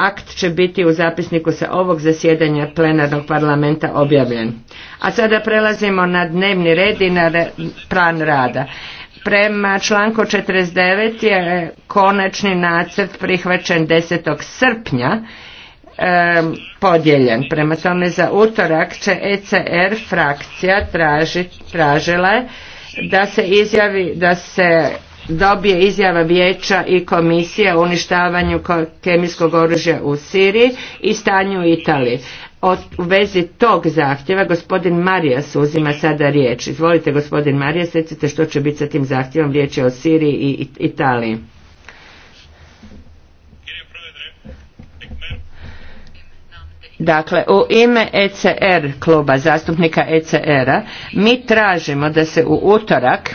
akt će biti u zapisniku sa ovog zasjedanja plenarnog parlamenta objavljen. A sada prelazimo na dnevni red i na plan rada. Prema članku 49 je konačni nacrt prihvaćen 10. srpnja podijeljen. Prema tome za utorak će ECR frakcija tražila je da se izjavi da se dobije izjava vijeća i komisije o uništavanju kemijskog oružja u Siriji i stanju u Italiji. u vezi tog zahtjeva gospodin Marijas uzima sada riječ. Izvolite gospodin Marijas, recite što će biti sa tim zahtjevom, riječ o Siriji i Italiji. Dakle, u ime ECR kluba zastupnika ECR-a mi tražimo da se u utorak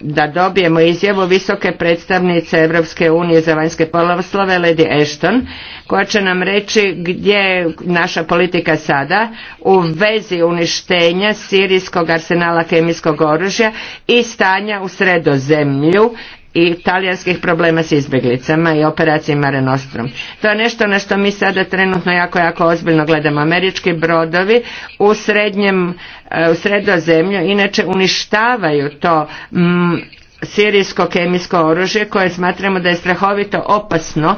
da dobijemo izjavu visoke predstavnice Europske unije za vanjske poloslove Lady Ashton koja će nam reći gdje je naša politika sada u vezi uništenja sirijskog arsenala kemijskog oružja i stanja u sredozemlju i talijanskih problema s izbjeglicama i operacijama Mare Nostrum. To je nešto na što mi sada trenutno jako, jako ozbiljno gledamo. Američki brodovi u srednjem, e, u sredozemlju inače uništavaju to mm, sirijsko kemijsko oružje koje smatramo da je strahovito opasno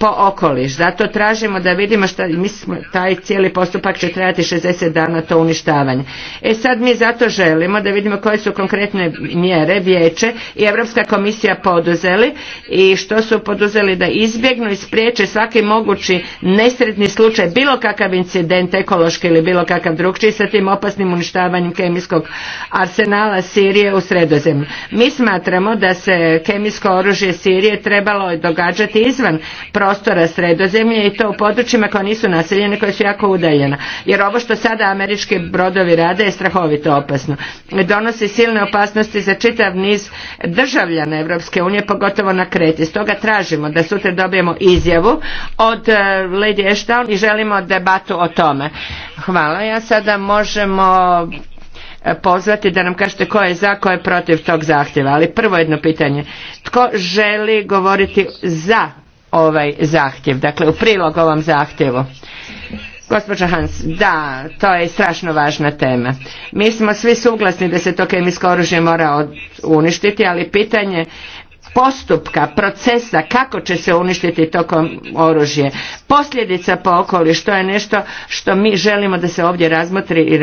po okoliš. Zato tražimo da vidimo mi smo taj cijeli postupak će trajati 60 dana to uništavanje. E sad mi zato želimo da vidimo koje su konkretne mjere vijeće i Europska komisija poduzeli i što su poduzeli da izbjegnu i spriječe svaki mogući nesretni slučaj, bilo kakav incident ekološki ili bilo kakav drugčiji sa tim opasnim uništavanjem kemijskog arsenala Sirije u sredozemlju. Mi smatramo da se kemijsko oružje Sirije trebalo događati izvan prostora sredozemlje i to u područjima koja nisu naseljena, koja su jako udaljena. Jer ovo što sada američki brodovi rade je strahovito opasno. Donosi silne opasnosti za čitav niz državljana Evropske unije, pogotovo na Kreti. Stoga tražimo da sutra dobijemo izjavu od eh, Lady Ashton i želimo debatu o tome. Hvala. Ja sada možemo eh, pozvati da nam kažete ko je za, ko je protiv tog zahtjeva. Ali prvo jedno pitanje. Tko želi govoriti za ovaj zahtjev, dakle u prilog ovom zahtjevu. Gospođa Hans, da, to je strašno važna tema. Mi smo svi suglasni da se to kemijsko oružje mora uništiti, ali pitanje postupka, procesa kako će se uništiti tokom oružje. Posljedica po okoliš, to je nešto što mi želimo da se ovdje razmotri i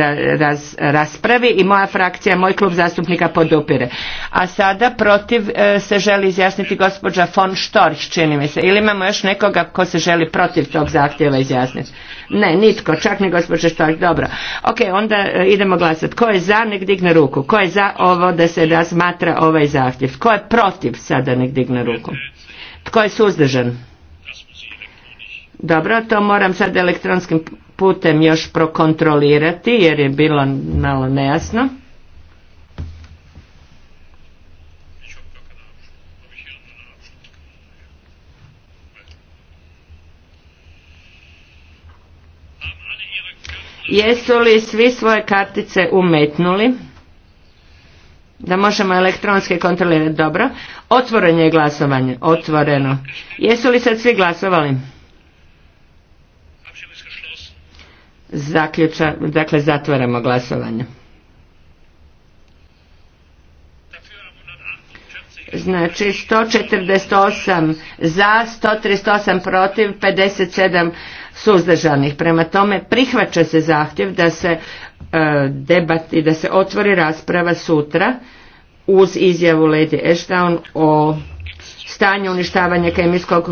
raspravi i moja frakcija, moj klub zastupnika podupire. A sada protiv e, se želi izjasniti gospođa von Storch, čini mi se. Ili imamo još nekoga ko se želi protiv tog zahtjeva izjasniti? Ne, nitko, čak ni gospođa Storch, dobro. Ok, onda e, idemo glasati. Ko je za, nek digne ruku. Ko je za ovo da se razmatra ovaj zahtjev? Ko je protiv sa da nek digne ruku. Tko je suzdržan? Dobro, to moram sad elektronskim putem još prokontrolirati jer je bilo malo nejasno. Jesu li svi svoje kartice umetnuli? da možemo elektronske kontrolirati. Dobro. Otvoreno je glasovanje. Otvoreno. Jesu li sad svi glasovali? Zaključa, dakle zatvaramo glasovanje. Znači 148 za, 138 protiv, 57 suzdržanih. Prema tome prihvaća se zahtjev da se e, debati da se otvori rasprava sutra uz izjavu Lady Ashton o stanju uništavanja kemijskog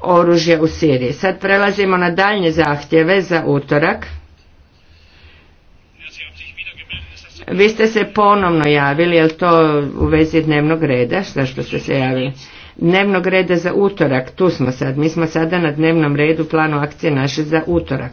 oružja u Siriji. Sad prelazimo na daljnje zahtjeve za utorak. Vi ste se ponovno javili, li to u vezi dnevnog reda, što ste se javili? Dnevnog reda za utorak, tu smo sad, mi smo sada na dnevnom redu planu akcije naše za utorak.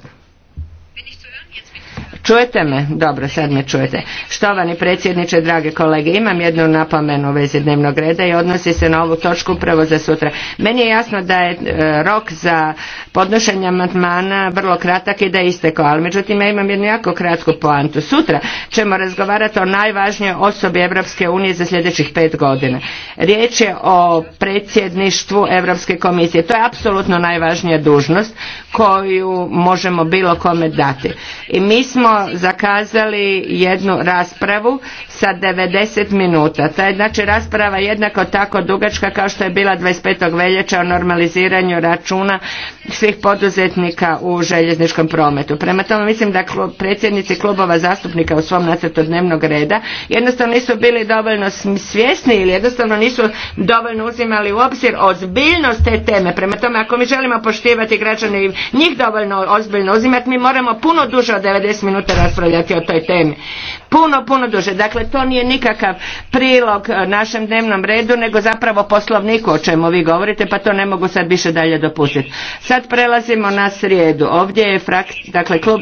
Čujete me? Dobro, sad me čujete. Štovani predsjedniče, drage kolege, imam jednu napomenu u vezi dnevnog reda i odnosi se na ovu točku upravo za sutra. Meni je jasno da je e, rok za podnošenje amandmana vrlo kratak i da je istekao, ali međutim ja imam jednu jako kratku poantu. Sutra ćemo razgovarati o najvažnijoj osobi Europske unije za sljedećih pet godina. Riječ je o predsjedništvu Europske komisije. To je apsolutno najvažnija dužnost koju možemo bilo kome dati. I mi smo zakazali jednu raspravu sa 90 minuta. Ta je znači rasprava jednako tako dugačka kao što je bila 25. veljača o normaliziranju računa svih poduzetnika u željezničkom prometu. Prema tome mislim da predsjednici klubova zastupnika u svom nacrtu dnevnog reda jednostavno nisu bili dovoljno svjesni ili jednostavno nisu dovoljno uzimali u obzir ozbiljnost te teme. Prema tome ako mi želimo poštivati građane i njih dovoljno ozbiljno uzimati mi moramo puno duže od 90 minuta raspravljati o toj temi. Puno, puno duže. Dakle, to nije nikakav prilog e, našem dnevnom redu, nego zapravo poslovniku o čemu vi govorite, pa to ne mogu sad više dalje dopustiti. Sad prelazimo na srijedu. Ovdje je frak, dakle, klub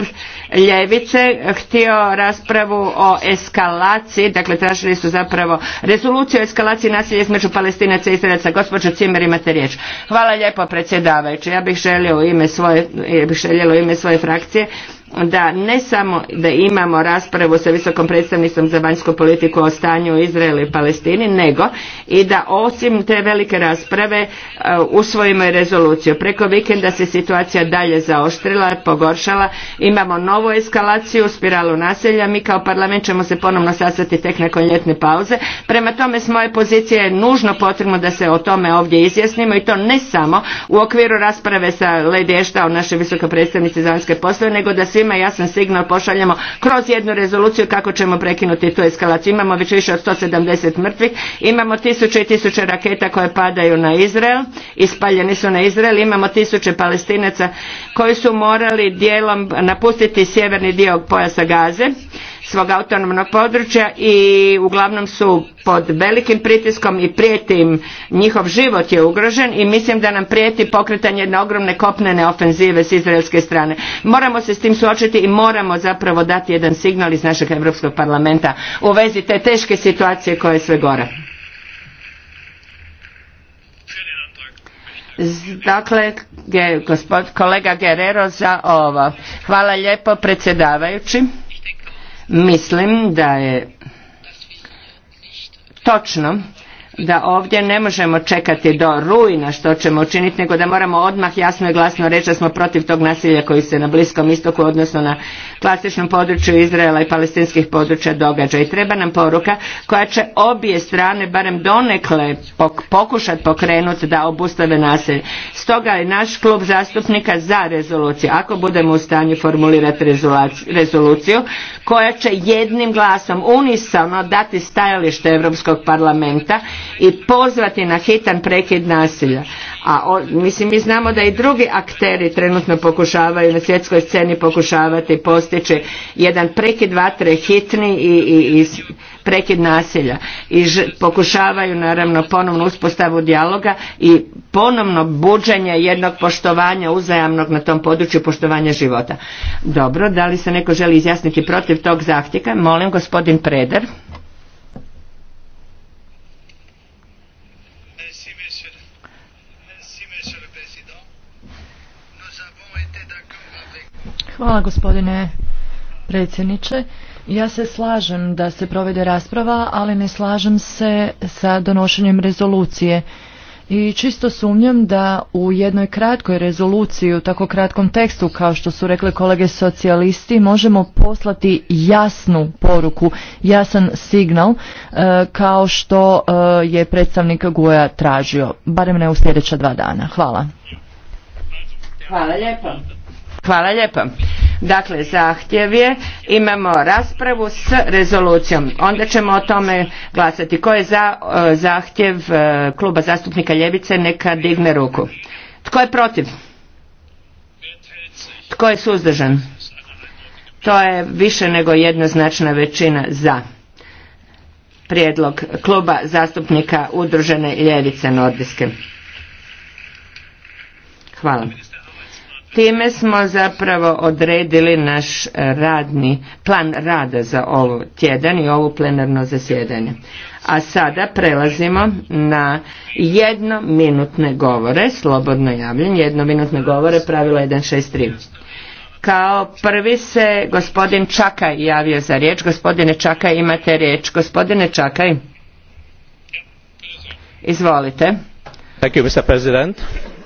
Ljevice htio raspravu o eskalaciji, dakle, tražili su zapravo rezoluciju o eskalaciji nasilja između palestinaca i izraelaca. Gospođo Cimer, imate riječ. Hvala lijepo, predsjedavajući. Ja bih želio ime svoje, ja bih željela u ime svoje frakcije da ne samo da imamo raspravu sa visokom predstavnicom za vanjsku politiku o stanju u Izraelu i Palestini, nego i da osim te velike rasprave e, usvojimo i rezoluciju. Preko vikenda se situacija dalje zaoštrila, pogoršala, imamo novu eskalaciju, spiralu naselja, mi kao parlament ćemo se ponovno sastati tek nakon ljetne pauze. Prema tome s moje pozicije je nužno potrebno da se o tome ovdje izjasnimo i to ne samo u okviru rasprave sa Lady o naše visoko predstavnici za vanjske poslove, nego da se svima jasan signal pošaljemo kroz jednu rezoluciju kako ćemo prekinuti tu eskalaciju. Imamo već više od 170 mrtvih, imamo tisuće i tisuće raketa koje padaju na Izrael, ispaljeni su na Izrael, imamo tisuće palestinaca koji su morali dijelom napustiti sjeverni dio pojasa Gaze svog autonomnog područja i uglavnom su pod velikim pritiskom i prijeti im njihov život je ugrožen i mislim da nam prijeti pokretanje jedne ogromne kopnene ofenzive s izraelske strane. Moramo se s tim suočiti i moramo zapravo dati jedan signal iz našeg Europskog parlamenta u vezi te teške situacije koje je sve gora. Dakle, kolega Guerrero za ovo. Hvala lijepo predsjedavajući. Mislim da je točno da ovdje ne možemo čekati do rujna što ćemo učiniti, nego da moramo odmah jasno i glasno reći da smo protiv tog nasilja koji se na Bliskom istoku, odnosno na klasičnom području Izraela i palestinskih područja događa. I treba nam poruka koja će obje strane, barem donekle, pokušati pokrenuti da obustave nasilje. Stoga je naš klub zastupnika za rezoluciju, ako budemo u stanju formulirati rezoluciju, koja će jednim glasom unisano dati stajalište Europskog parlamenta i pozvati na hitan prekid nasilja. A mislim mi znamo da i drugi akteri trenutno pokušavaju na svjetskoj sceni pokušavati postići jedan prekid vatre hitni i, prekid nasilja i pokušavaju naravno ponovnu uspostavu dijaloga i ponovno buđenje jednog poštovanja uzajamnog na tom području poštovanja života. Dobro, da li se neko želi izjasniti protiv tog zahtjeka? Molim gospodin Predar. Hvala gospodine predsjedniče. Ja se slažem da se provede rasprava, ali ne slažem se sa donošenjem rezolucije i čisto sumnjam da u jednoj kratkoj rezoluciji, u tako kratkom tekstu kao što su rekli kolege socijalisti, možemo poslati jasnu poruku, jasan signal e, kao što e, je predstavnik Guja tražio, barem ne u sljedeća dva dana. Hvala. Hvala Hvala Dakle, zahtjev je, imamo raspravu s rezolucijom. Onda ćemo o tome glasati. Ko je za e, zahtjev e, kluba zastupnika Ljevice neka digne ruku. Tko je protiv? Tko je suzdržan? To je više nego jednoznačna većina za prijedlog kluba zastupnika Udružene ljevice Nordiske. Hvala. Time smo zapravo odredili naš radni plan rada za ovu tjedan i ovu plenarno zasjedanje. A sada prelazimo na jednominutne govore, slobodno javljen jednominutne govore, pravilo 163. Kao prvi se gospodin Čakaj javio za riječ. Gospodine Čakaj, imate riječ. Gospodine Čakaj, izvolite. Thank you, Mr.